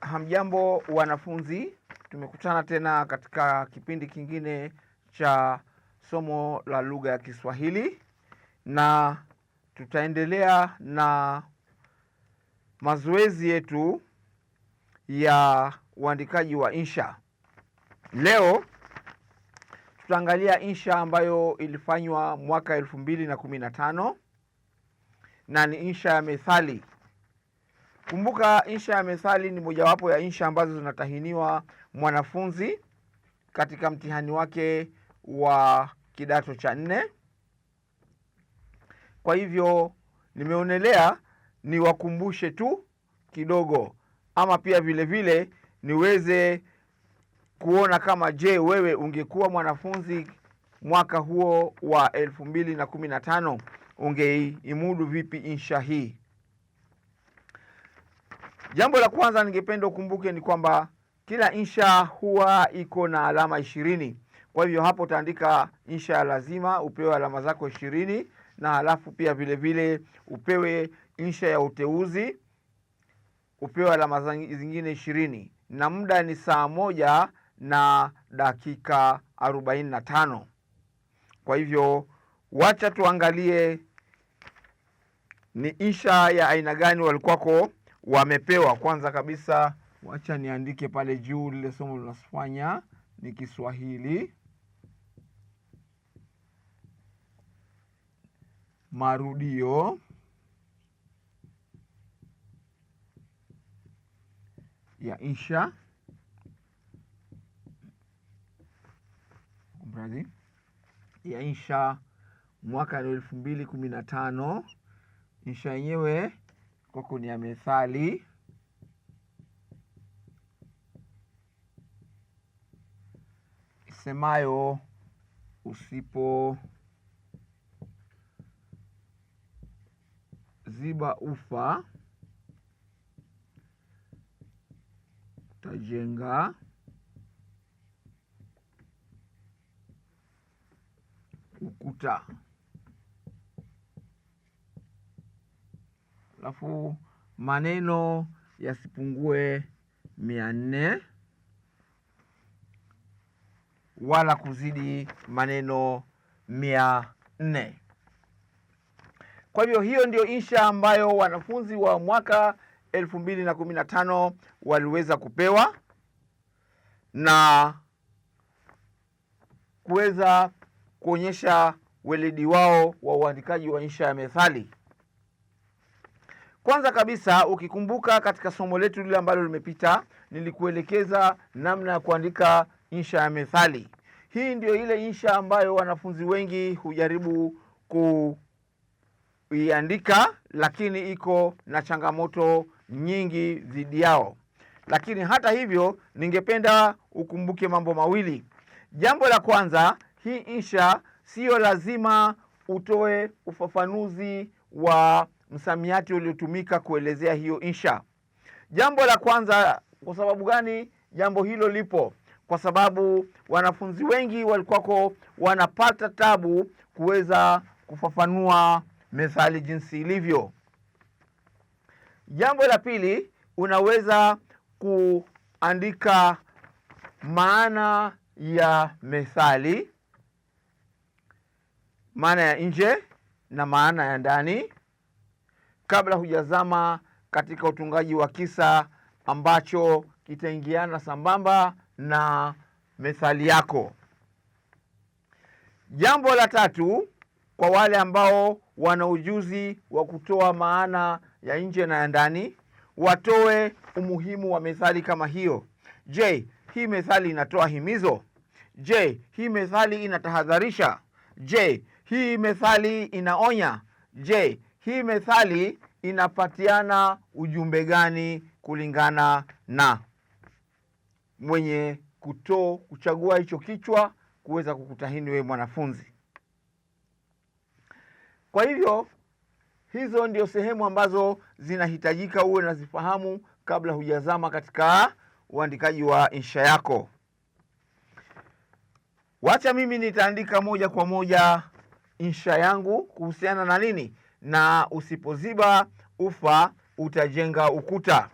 Hamjambo wanafunzi, tumekutana tena katika kipindi kingine cha somo la lugha ya Kiswahili na tutaendelea na mazoezi yetu ya uandikaji wa insha. Leo tutaangalia insha ambayo ilifanywa mwaka elfu mbili na kumi na tano na ni insha ya methali. Kumbuka, insha ya methali ni mojawapo ya insha ambazo zinatahiniwa mwanafunzi katika mtihani wake wa kidato cha nne. Kwa hivyo nimeonelea niwakumbushe tu kidogo, ama pia vile vile niweze kuona kama, je, wewe ungekuwa mwanafunzi mwaka huo wa elfu mbili na kumi na tano ungeimudu vipi insha hii? Jambo la kwanza ningependa ukumbuke ni kwamba kila insha huwa iko na alama ishirini. Kwa hivyo hapo utaandika insha ya lazima upewe alama zako ishirini, na halafu pia vilevile upewe insha ya uteuzi upewe alama zingine ishirini, na muda ni saa moja na dakika arobaini na tano. Kwa hivyo Wacha tuangalie ni insha ya aina gani walikuwako wamepewa. Kwanza kabisa, wacha niandike pale juu lile somo linafanya ni Kiswahili marudio ya insha ya insha mwaka ni elfu mbili kumi na tano. Insha yenyewe kwako ni ya methali semayo usipo ziba ufa utajenga ukuta. alafu maneno yasipungue mia nne wala kuzidi maneno mia nne. Kwa hivyo hiyo ndiyo insha ambayo wanafunzi wa mwaka elfu mbili na kumi na tano waliweza kupewa na kuweza kuonyesha weledi wao wa uandikaji wa insha ya methali. Kwanza kabisa ukikumbuka, katika somo letu lile ambalo limepita, nilikuelekeza namna ya kuandika insha ya methali. Hii ndio ile insha ambayo wanafunzi wengi hujaribu kuiandika, lakini iko na changamoto nyingi dhidi yao. Lakini hata hivyo, ningependa ukumbuke mambo mawili. Jambo la kwanza, hii insha siyo lazima utoe ufafanuzi wa msamiati uliotumika kuelezea hiyo insha. Jambo la kwanza, kwa sababu gani jambo hilo lipo? Kwa sababu wanafunzi wengi walikuwako wanapata tabu kuweza kufafanua methali jinsi ilivyo. Jambo la pili, unaweza kuandika maana ya methali, maana ya nje na maana ya ndani kabla hujazama katika utungaji wa kisa ambacho kitaingiana sambamba na methali yako. Jambo la tatu, kwa wale ambao wana ujuzi wa kutoa maana ya nje na ya ndani, watoe umuhimu wa methali kama hiyo. Je, hii methali inatoa himizo? Je, hii methali inatahadharisha? Je, hii methali inaonya? Je, hii methali inapatiana ujumbe gani kulingana na mwenye kuto kuchagua hicho kichwa kuweza kukutahini wewe mwanafunzi. Kwa hivyo hizo ndio sehemu ambazo zinahitajika uwe nazifahamu kabla hujazama katika uandikaji wa insha yako. Wacha mimi nitaandika moja kwa moja insha yangu kuhusiana na nini na usipoziba ufa utajenga ukuta.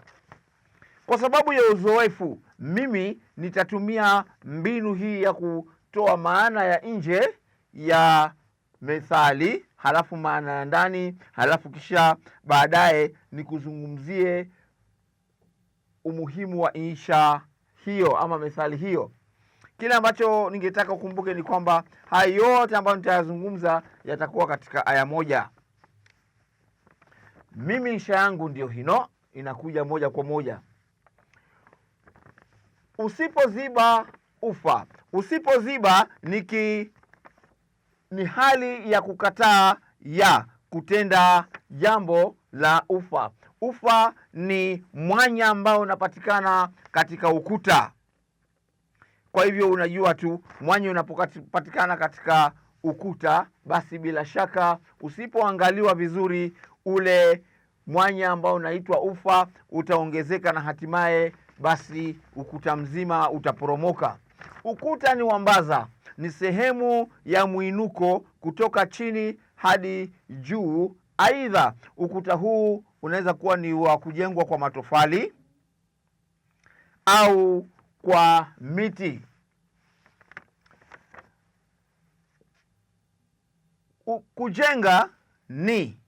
Kwa sababu ya uzoefu, mimi nitatumia mbinu hii ya kutoa maana ya nje ya methali halafu maana ya ndani halafu kisha baadaye nikuzungumzie umuhimu wa insha hiyo ama methali hiyo. Kile ambacho ningetaka ukumbuke ni kwamba haya yote ambayo nitayazungumza yatakuwa katika aya moja. Mimi insha yangu ndio hino, inakuja moja kwa moja. Usipoziba ufa. Usipoziba niki ni hali ya kukataa ya kutenda jambo la ufa. Ufa ni mwanya ambao unapatikana katika ukuta. Kwa hivyo unajua tu mwanya unapopatikana katika ukuta, basi bila shaka usipoangaliwa vizuri ule mwanya ambao unaitwa ufa utaongezeka na hatimaye basi ukuta mzima utaporomoka. Ukuta ni wambaza, ni sehemu ya mwinuko kutoka chini hadi juu. Aidha, ukuta huu unaweza kuwa ni wa kujengwa kwa matofali au kwa miti. Kujenga ni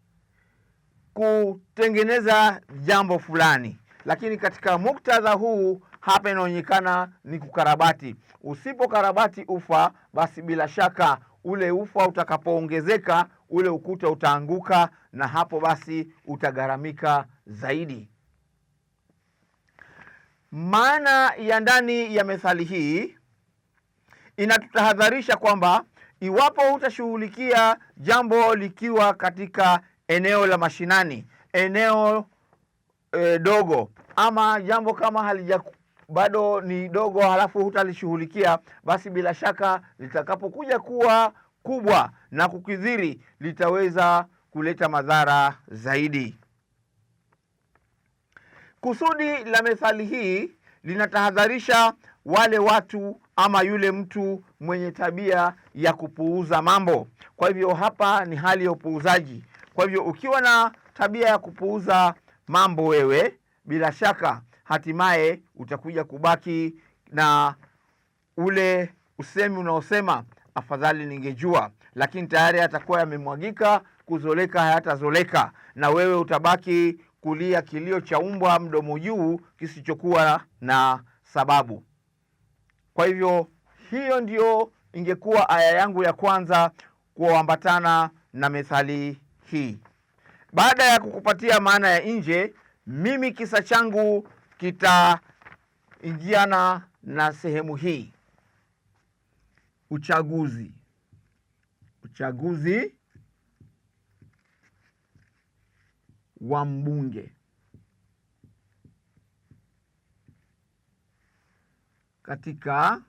kutengeneza jambo fulani, lakini katika muktadha huu hapa inaonekana ni kukarabati. Usipokarabati ufa, basi bila shaka ule ufa utakapoongezeka ule ukuta utaanguka, na hapo basi utagharamika zaidi. Maana ya ndani ya methali hii inatutahadharisha kwamba iwapo hutashughulikia jambo likiwa katika eneo la mashinani, eneo e, dogo ama jambo kama halija bado ni dogo, halafu hutalishughulikia, basi bila shaka litakapokuja kuwa kubwa na kukidhiri litaweza kuleta madhara zaidi. Kusudi la methali hii linatahadharisha wale watu ama yule mtu mwenye tabia ya kupuuza mambo. Kwa hivyo, hapa ni hali ya upuuzaji. Kwa hivyo ukiwa na tabia ya kupuuza mambo wewe, bila shaka hatimaye utakuja kubaki na ule usemi unaosema afadhali ningejua, lakini tayari atakuwa yamemwagika, kuzoleka hayatazoleka, na wewe utabaki kulia kilio cha umbwa mdomo juu kisichokuwa na sababu. Kwa hivyo hiyo ndiyo ingekuwa aya yangu ya kwanza kuambatana na methali hii. Baada ya kukupatia maana ya nje, mimi kisa changu kitaingiana na sehemu hii. Uchaguzi, uchaguzi wa mbunge katika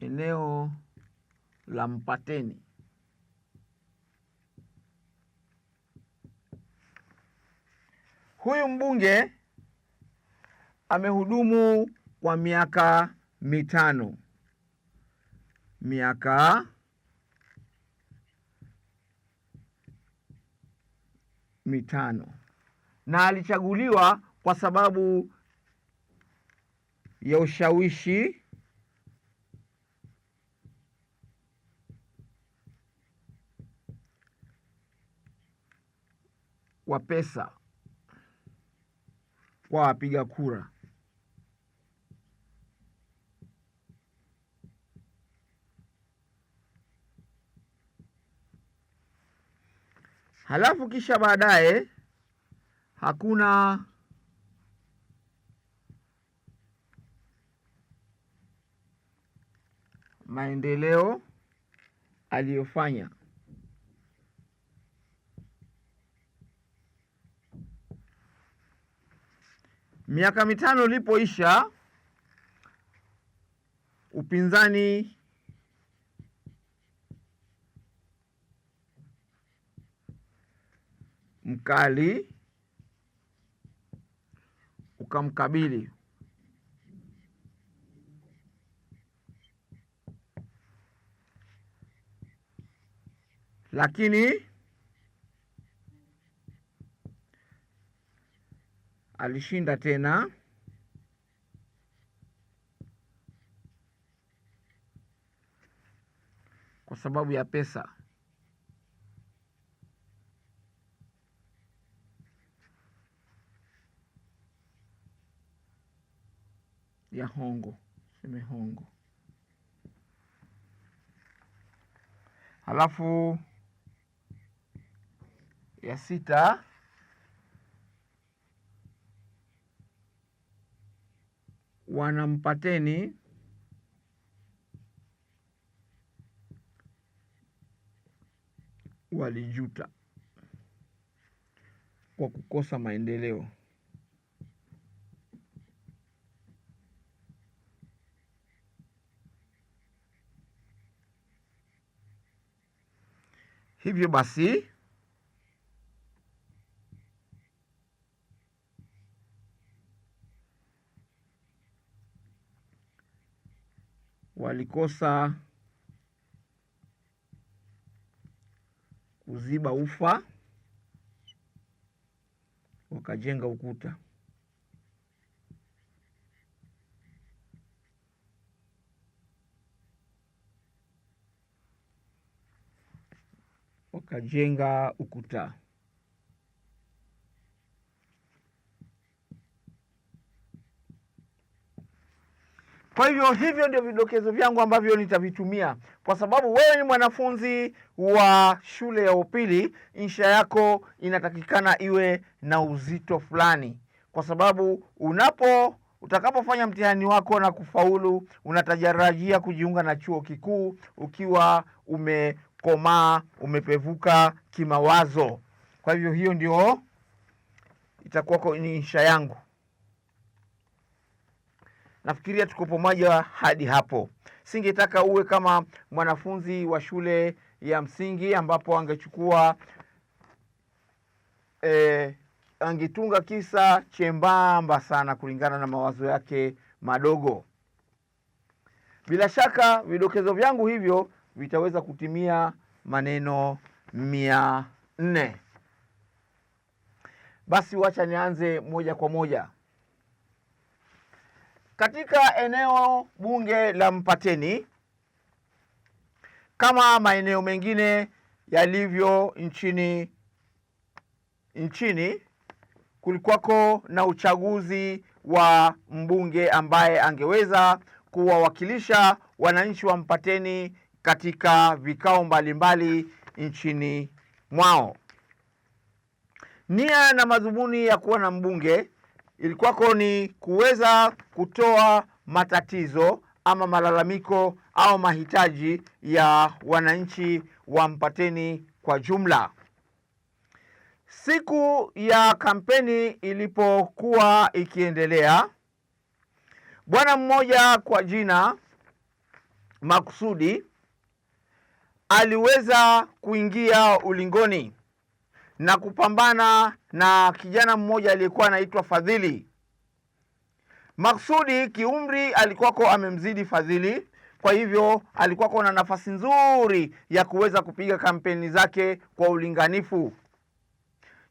Eneo la Mpateni huyu mbunge amehudumu kwa miaka mitano, miaka mitano, na alichaguliwa kwa sababu ya ushawishi wa pesa kwa wapiga kura. Halafu kisha baadaye hakuna maendeleo aliyofanya. Miaka mitano ilipoisha, upinzani mkali ukamkabili lakini alishinda tena. Kwa sababu ya pesa. ya hongo, seme hongo. Halafu ya sita wanampateni walijuta kwa kukosa maendeleo. Hivyo basi walikosa kuziba ufa, wakajenga ukuta. Wakajenga ukuta. Kwa hivyo hivyo ndio vidokezo vyangu ambavyo nitavitumia, kwa sababu wewe ni mwanafunzi wa shule ya upili, insha yako inatakikana iwe na uzito fulani, kwa sababu unapo utakapofanya mtihani wako na kufaulu, unatarajia kujiunga na chuo kikuu ukiwa umekomaa, umepevuka kimawazo. Kwa hivyo hiyo ndio itakuwa ni insha yangu. Nafikiria tuko pamoja hadi hapo. Singetaka uwe kama mwanafunzi wa shule ya msingi ambapo angechukua e, angetunga kisa chembamba sana kulingana na mawazo yake madogo. Bila shaka vidokezo vyangu hivyo vitaweza kutimia maneno mia nne. Basi wacha nianze moja kwa moja katika eneo bunge la Mpateni kama maeneo mengine yalivyo nchini nchini kulikuwako na uchaguzi wa mbunge ambaye angeweza kuwawakilisha wananchi wa Mpateni katika vikao mbalimbali nchini mwao. Nia na madhumuni ya kuwa na mbunge ilikuwako ni kuweza kutoa matatizo ama malalamiko au mahitaji ya wananchi wa Mpateni kwa jumla. Siku ya kampeni ilipokuwa ikiendelea, bwana mmoja kwa jina Makusudi aliweza kuingia ulingoni na kupambana na kijana mmoja aliyekuwa anaitwa Fadhili. Maksudi kiumri alikuwako amemzidi Fadhili, kwa hivyo alikuwako na nafasi nzuri ya kuweza kupiga kampeni zake kwa ulinganifu.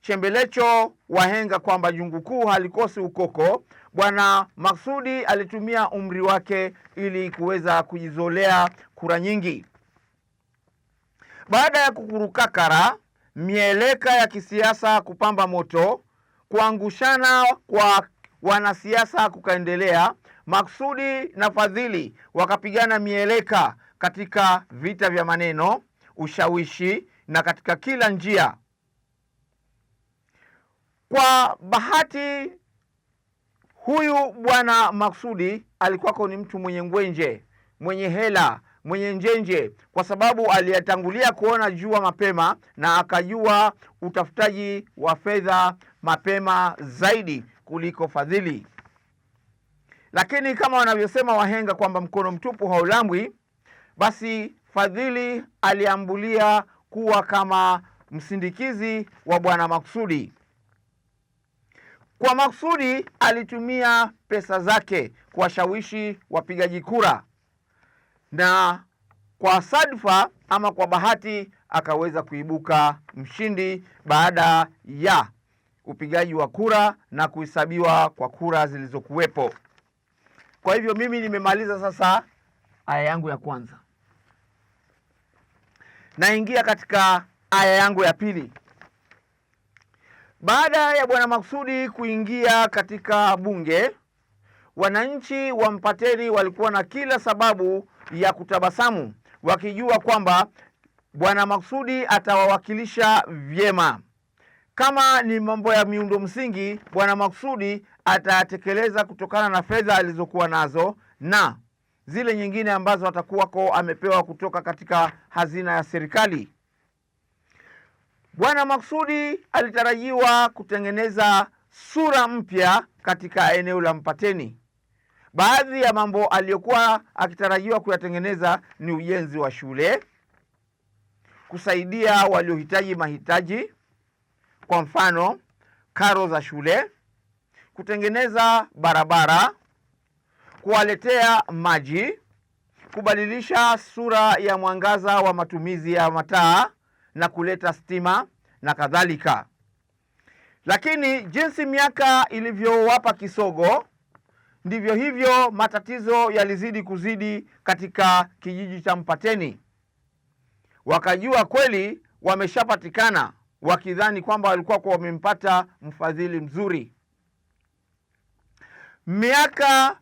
Chembelecho wahenga kwamba jungu kuu halikosi ukoko. Bwana Maksudi alitumia umri wake ili kuweza kujizolea kura nyingi. Baada ya kukurukakara mieleka ya kisiasa kupamba moto, kuangushana kwa wanasiasa kukaendelea, maksudi na fadhili wakapigana mieleka katika vita vya maneno, ushawishi na katika kila njia. Kwa bahati, huyu bwana Maksudi alikuwako ni mtu mwenye ngwenje, mwenye hela, mwenye njenje, kwa sababu aliyatangulia kuona jua mapema na akajua utafutaji wa fedha mapema zaidi kuliko fadhili. Lakini kama wanavyosema wahenga kwamba mkono mtupu haulambwi, basi fadhili aliambulia kuwa kama msindikizi wa bwana maksudi. Kwa maksudi alitumia pesa zake kuwashawishi wapigaji kura na kwa sadfa ama kwa bahati akaweza kuibuka mshindi baada ya upigaji wa kura na kuhesabiwa kwa kura zilizokuwepo. Kwa hivyo mimi nimemaliza sasa aya yangu ya kwanza, naingia katika aya yangu ya pili. Baada ya Bwana Maksudi kuingia katika bunge, wananchi wa Mpateni walikuwa na kila sababu ya kutabasamu, wakijua kwamba Bwana Maksudi atawawakilisha vyema. Kama ni mambo ya miundo msingi, Bwana Maksudi atayatekeleza kutokana na fedha alizokuwa nazo na zile nyingine ambazo atakuwako amepewa kutoka katika hazina ya serikali. Bwana Maksudi alitarajiwa kutengeneza sura mpya katika eneo la Mpateni. Baadhi ya mambo aliyokuwa akitarajiwa kuyatengeneza ni ujenzi wa shule, kusaidia waliohitaji mahitaji, kwa mfano karo za shule, kutengeneza barabara, kuwaletea maji, kubadilisha sura ya mwangaza wa matumizi ya mataa na kuleta stima na kadhalika. Lakini jinsi miaka ilivyowapa kisogo Ndivyo hivyo, matatizo yalizidi kuzidi katika kijiji cha Mpateni. Wakajua kweli wameshapatikana, wakidhani kwamba walikuwa kwa wamempata mfadhili mzuri. Miaka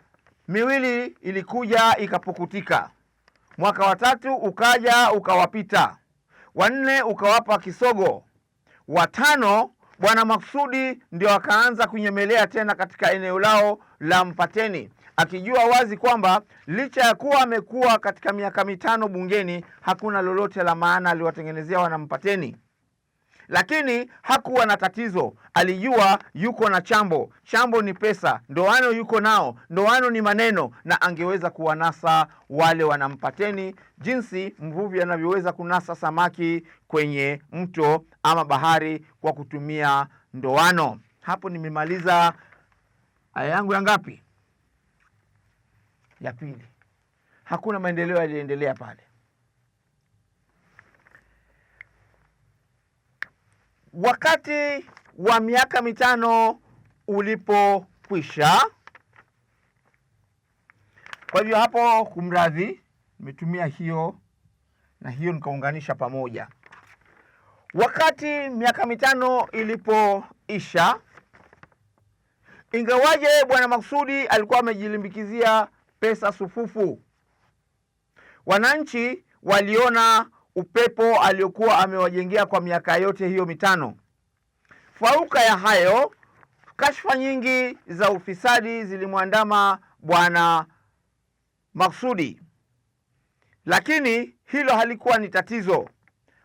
miwili ilikuja ikapukutika, mwaka wa tatu ukaja ukawapita, wanne ukawapa kisogo, watano Bwana Maksudi ndio akaanza kunyemelea tena katika eneo lao la Mpateni, akijua wazi kwamba licha ya kuwa amekuwa katika miaka mitano bungeni hakuna lolote la maana aliwatengenezea wanampateni lakini hakuwa na tatizo. Alijua yuko na chambo, chambo ni pesa, ndoano yuko nao, ndoano ni maneno, na angeweza kuwanasa wale wanampateni, jinsi mvuvi anavyoweza kunasa samaki kwenye mto ama bahari kwa kutumia ndoano. Hapo nimemaliza aya yangu ya ngapi? Ya pili. Hakuna maendeleo yaliyoendelea pale. Wakati wa miaka mitano ulipokwisha. Kwa hivyo hapo, kumradhi, nimetumia hiyo na hiyo nikaunganisha pamoja. Wakati miaka mitano ilipoisha, ingawaje Bwana Maksudi alikuwa amejilimbikizia pesa sufufu, wananchi waliona upepo aliokuwa amewajengea kwa miaka yote hiyo mitano. Fauka ya hayo, kashfa nyingi za ufisadi zilimwandama Bwana Maksudi, lakini hilo halikuwa ni tatizo,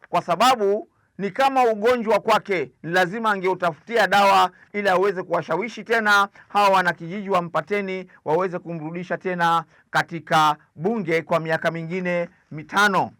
kwa sababu ni kama ugonjwa kwake, ni lazima angeutafutia dawa ili aweze kuwashawishi tena hawa wanakijiji wampateni, waweze kumrudisha tena katika bunge kwa miaka mingine mitano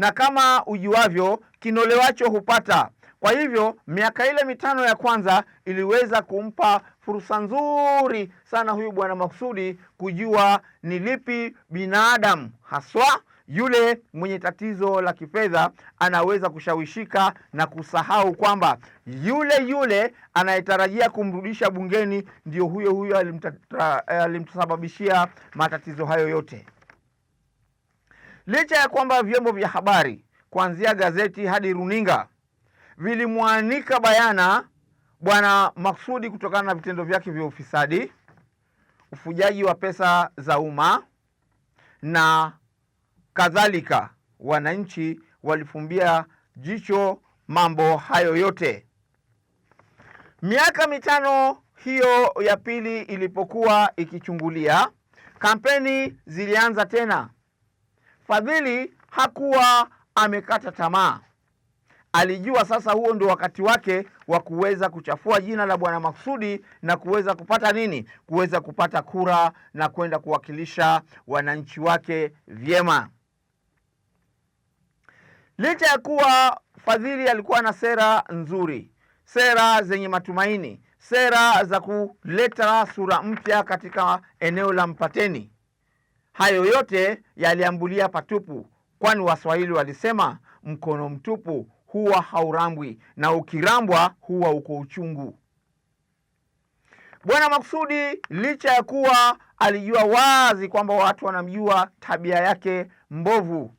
na kama ujuavyo, kinolewacho hupata. Kwa hivyo miaka ile mitano ya kwanza iliweza kumpa fursa nzuri sana huyu bwana Maksudi kujua ni lipi binadamu haswa yule mwenye tatizo la kifedha anaweza kushawishika na kusahau kwamba yule yule anayetarajia kumrudisha bungeni ndio huyo huyo alimtasababishia matatizo hayo yote. Licha ya kwamba vyombo vya habari kuanzia gazeti hadi runinga vilimwanika bayana Bwana Maksudi kutokana na vitendo vyake vya ufisadi, ufujaji wa pesa za umma na kadhalika, wananchi walifumbia jicho mambo hayo yote. Miaka mitano hiyo ya pili ilipokuwa ikichungulia, kampeni zilianza tena. Fadhili hakuwa amekata tamaa, alijua sasa huo ndio wakati wake wa kuweza kuchafua jina la Bwana Maksudi na kuweza kupata nini? Kuweza kupata kura na kwenda kuwakilisha wananchi wake vyema. Licha ya kuwa Fadhili alikuwa na sera nzuri, sera zenye matumaini, sera za kuleta sura mpya katika eneo la Mpateni, Hayo yote yaliambulia patupu, kwani Waswahili walisema mkono mtupu huwa haurambwi na ukirambwa huwa uko uchungu. Bwana Maksudi licha ya kuwa alijua wazi kwamba watu wanamjua tabia yake mbovu,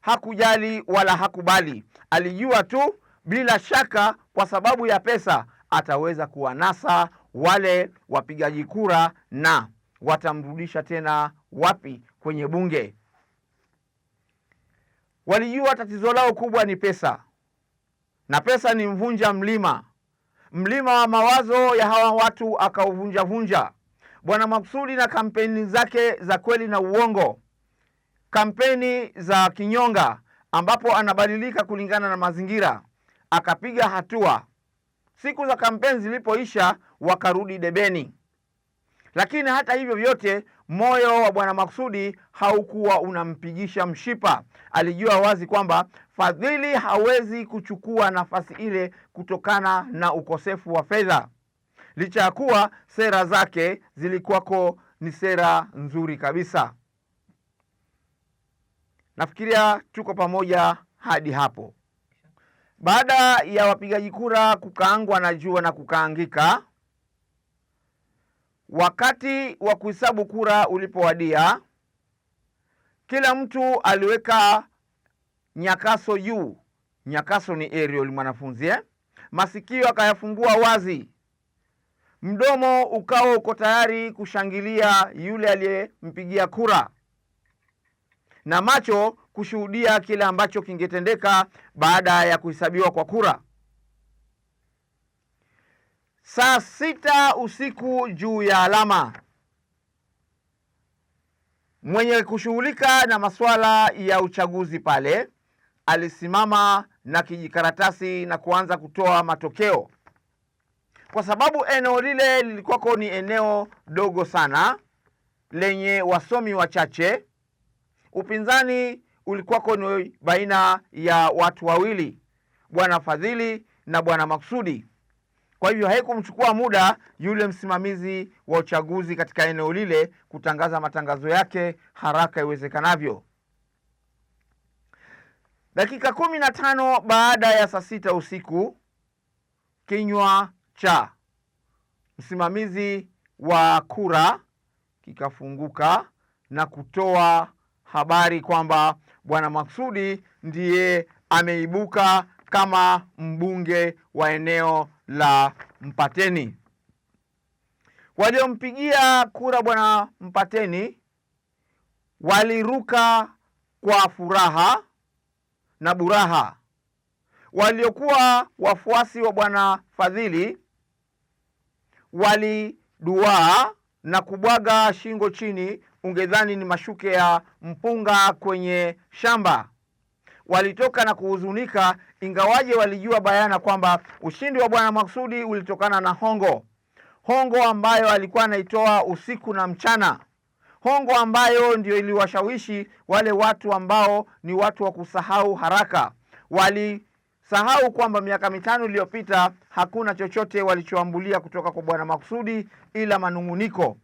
hakujali wala hakubali. Alijua tu bila shaka, kwa sababu ya pesa ataweza kuwanasa wale wapigaji kura na watamrudisha tena wapi kwenye bunge? Walijua tatizo lao kubwa ni pesa, na pesa ni mvunja mlima. Mlima wa mawazo ya hawa watu akauvunjavunja Bwana Maksudi na kampeni zake za kweli na uongo, kampeni za kinyonga, ambapo anabadilika kulingana na mazingira. Akapiga hatua. Siku za kampeni zilipoisha, wakarudi debeni. Lakini hata hivyo vyote, moyo wa Bwana Maksudi haukuwa unampigisha mshipa. Alijua wazi kwamba fadhili hawezi kuchukua nafasi ile kutokana na ukosefu wa fedha, licha ya kuwa sera zake zilikuwako ni sera nzuri kabisa. Nafikiria tuko pamoja hadi hapo. Baada ya wapigaji kura kukaangwa na jua na kukaangika Wakati wa kuhesabu kura ulipowadia, kila mtu aliweka nyakaso juu. Nyakaso ni Ariel mwanafunzi, eh? Masikio akayafungua wazi, mdomo ukawa uko tayari kushangilia yule aliyempigia kura, na macho kushuhudia kile ambacho kingetendeka baada ya kuhesabiwa kwa kura saa sita usiku juu ya alama. Mwenye kushughulika na masuala ya uchaguzi pale alisimama na kijikaratasi na kuanza kutoa matokeo. Kwa sababu eneo lile lilikuwako ni eneo dogo sana lenye wasomi wachache, upinzani ulikuwako ni baina ya watu wawili, bwana Fadhili na bwana Maksudi. Kwa hivyo haikumchukua muda yule msimamizi wa uchaguzi katika eneo lile kutangaza matangazo yake haraka iwezekanavyo. Dakika kumi na tano baada ya saa sita usiku, kinywa cha msimamizi wa kura kikafunguka na kutoa habari kwamba Bwana Maksudi ndiye ameibuka kama mbunge wa eneo la Mpateni. Waliompigia kura bwana Mpateni waliruka kwa furaha na buraha. Waliokuwa wafuasi wa bwana Fadhili waliduaa na kubwaga shingo chini, ungedhani ni mashuke ya mpunga kwenye shamba walitoka na kuhuzunika, ingawaje walijua bayana kwamba ushindi wa Bwana Maksudi ulitokana na hongo, hongo ambayo alikuwa anaitoa usiku na mchana, hongo ambayo ndio iliwashawishi wale watu ambao ni watu wa kusahau haraka. Walisahau kwamba miaka mitano iliyopita hakuna chochote walichoambulia kutoka kwa Bwana Maksudi ila manung'uniko.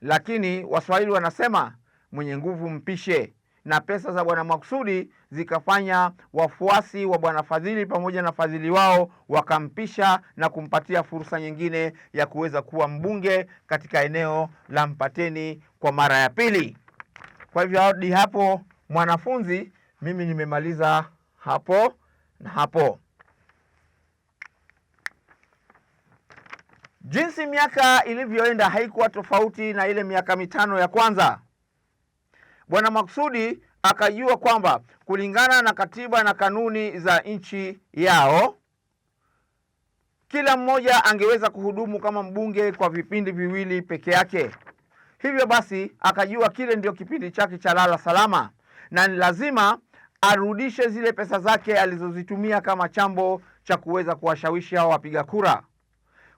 Lakini Waswahili wanasema mwenye nguvu mpishe na pesa za Bwana Maksudi zikafanya wafuasi wa Bwana Fadhili pamoja na Fadhili wao wakampisha na kumpatia fursa nyingine ya kuweza kuwa mbunge katika eneo la Mpateni kwa mara ya pili. Kwa hivyo hadi hapo mwanafunzi, mimi nimemaliza hapo na hapo. Jinsi miaka ilivyoenda haikuwa tofauti na ile miaka mitano ya kwanza. Bwana Maksudi akajua kwamba kulingana na katiba na kanuni za nchi yao kila mmoja angeweza kuhudumu kama mbunge kwa vipindi viwili peke yake. Hivyo basi, akajua kile ndio kipindi chake cha lala salama, na ni lazima arudishe zile pesa zake alizozitumia kama chambo cha kuweza kuwashawishi hao wapiga kura.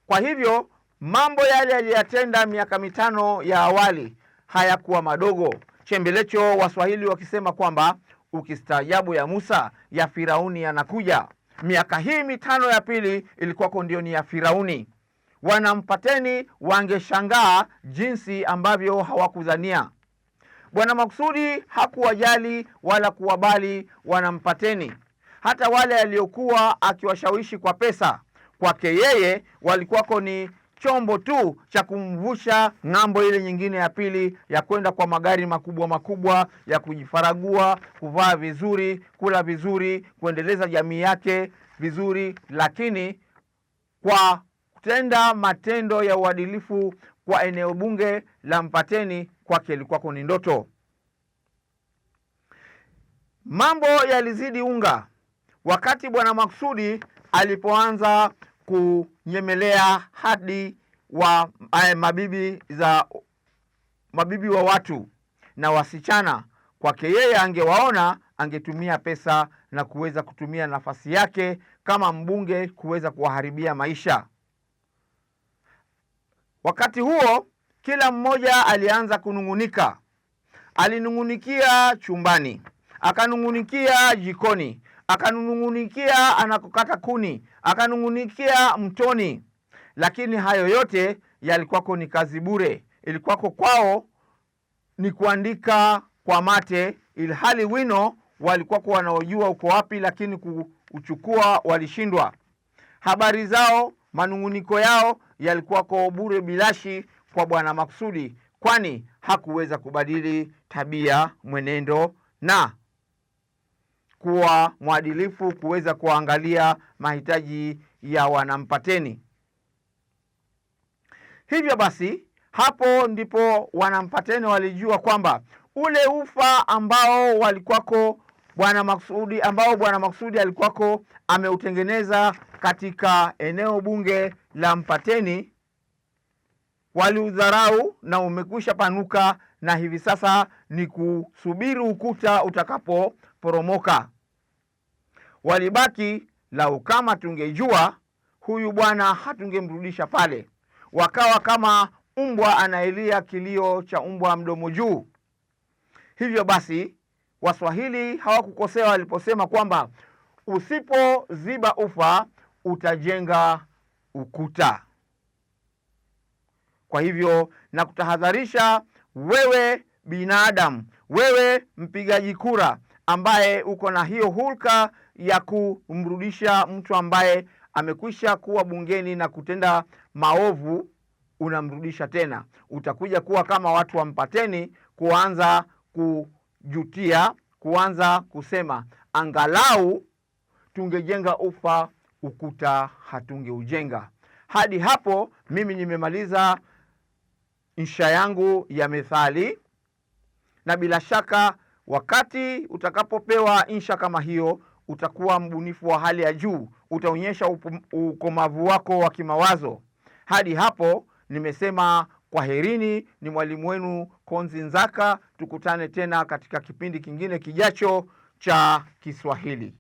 Kwa hivyo mambo yale aliyatenda miaka mitano ya awali hayakuwa madogo chembelecho Waswahili wakisema kwamba ukistaajabu ya Musa ya Firauni yanakuja. Miaka hii mitano ya pili ilikuwako ndio ni ya Firauni. Wanampateni wangeshangaa jinsi ambavyo hawakudhania. Bwana makusudi hakuwajali wala kuwabali wanampateni, hata wale aliokuwa akiwashawishi kwa pesa kwake yeye walikuwako ni chombo tu cha kumvusha ng'ambo ile nyingine ya pili ya kwenda kwa magari makubwa makubwa, ya kujifaragua, kuvaa vizuri, kula vizuri, kuendeleza jamii yake vizuri, lakini kwa kutenda matendo ya uadilifu kwa eneo bunge la Mpateni kwake ilikuwako ni ndoto. Mambo yalizidi unga wakati Bwana Maksudi alipoanza kunyemelea hadi wa eh, mabibi za mabibi wa watu na wasichana. Kwake yeye angewaona, angetumia pesa na kuweza kutumia nafasi yake kama mbunge kuweza kuwaharibia maisha. Wakati huo kila mmoja alianza kunung'unika. Alinung'unikia chumbani, akanung'unikia jikoni, akanung'unikia anakokata kuni, akanung'unikia mtoni. Lakini hayo yote yalikuwako ni kazi bure, ilikuwako kwao ni kuandika kwa mate, ilhali wino walikuwako wanaojua uko wapi, lakini kuuchukua walishindwa. Habari zao manung'uniko yao yalikuwako bure bilashi kwa Bwana maksudi kwani hakuweza kubadili tabia, mwenendo na kuwa mwadilifu, kuweza kuangalia mahitaji ya wanampateni. Hivyo basi, hapo ndipo wanampateni walijua kwamba ule ufa ambao walikwako Bwana Maksudi, ambao Bwana Maksudi alikuwako ameutengeneza katika eneo bunge la Mpateni, waliudharau na umekwisha panuka, na hivi sasa ni kusubiri ukuta utakapo poromoka. Walibaki, lau kama tungejua huyu bwana hatungemrudisha pale. Wakawa kama umbwa anaelia kilio cha umbwa mdomo juu. Hivyo basi, Waswahili hawakukosea waliposema kwamba usipoziba ufa utajenga ukuta. Kwa hivyo na kutahadharisha wewe binadamu, wewe mpigaji kura ambaye uko na hiyo hulka ya kumrudisha mtu ambaye amekwisha kuwa bungeni na kutenda maovu, unamrudisha tena. Utakuja kuwa kama watu wa Mpateni, kuanza kujutia, kuanza kusema angalau tungejenga ufa, ukuta hatungeujenga. Hadi hapo mimi nimemaliza insha yangu ya Methali, na bila shaka Wakati utakapopewa insha kama hiyo, utakuwa mbunifu wa hali ya juu, utaonyesha ukomavu wako wa kimawazo. Hadi hapo nimesema kwaherini. Ni mwalimu wenu Konzi Nzaka, tukutane tena katika kipindi kingine kijacho cha Kiswahili.